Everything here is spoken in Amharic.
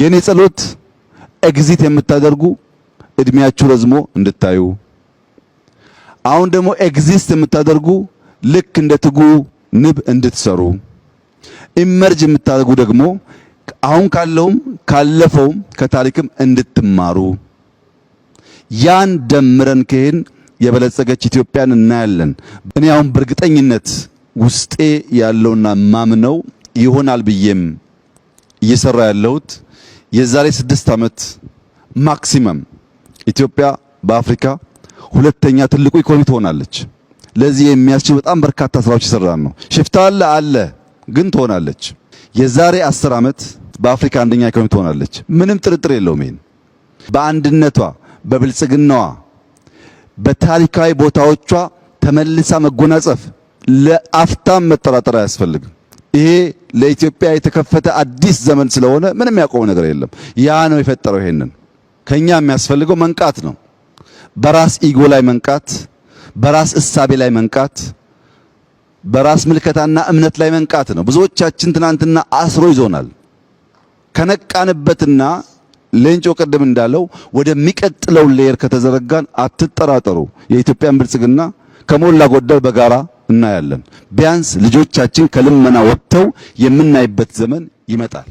የኔ ጸሎት ኤግዚት የምታደርጉ እድሜያችሁ ረዝሞ እንድታዩ፣ አሁን ደግሞ ኤግዚስት የምታደርጉ ልክ እንደ ትጉ ንብ እንድትሰሩ፣ ኢመርጅ የምታደርጉ ደግሞ አሁን ካለውም ካለፈውም ከታሪክም እንድትማሩ ያን ደምረን ከሄን የበለጸገች ኢትዮጵያን እናያለን። እኔ አሁን በእርግጠኝነት ውስጤ ያለውና ማምነው ይሆናል ብዬም እየሰራ ያለሁት የዛሬ ስድስት ዓመት ማክሲመም ኢትዮጵያ በአፍሪካ ሁለተኛ ትልቁ ኢኮኖሚ ትሆናለች። ለዚህ የሚያስችል በጣም በርካታ ስራዎች ይሰራል ነው። ሽፍታ አለ አለ፣ ግን ትሆናለች። የዛሬ አስር ዓመት በአፍሪካ አንደኛ ኢኮኖሚ ትሆናለች። ምንም ጥርጥር የለውም። ይሄን በአንድነቷ በብልጽግናዋ በታሪካዊ ቦታዎቿ ተመልሳ መጎናጸፍ ለአፍታም መጠራጠር አያስፈልግም። ይሄ ለኢትዮጵያ የተከፈተ አዲስ ዘመን ስለሆነ ምንም ያቆመ ነገር የለም። ያ ነው የፈጠረው። ይሄንን ከኛ የሚያስፈልገው መንቃት ነው። በራስ ኢጎ ላይ መንቃት፣ በራስ እሳቤ ላይ መንቃት፣ በራስ ምልከታና እምነት ላይ መንቃት ነው። ብዙዎቻችን ትናንትና አስሮ ይዞናል። ከነቃንበትና ሌንጮ ቅድም እንዳለው ወደሚቀጥለው ሌየር ከተዘረጋን አትጠራጠሩ የኢትዮጵያን ብልጽግና ከሞላ ጎደል በጋራ እናያለን። ቢያንስ ልጆቻችን ከልመና ወጥተው የምናይበት ዘመን ይመጣል።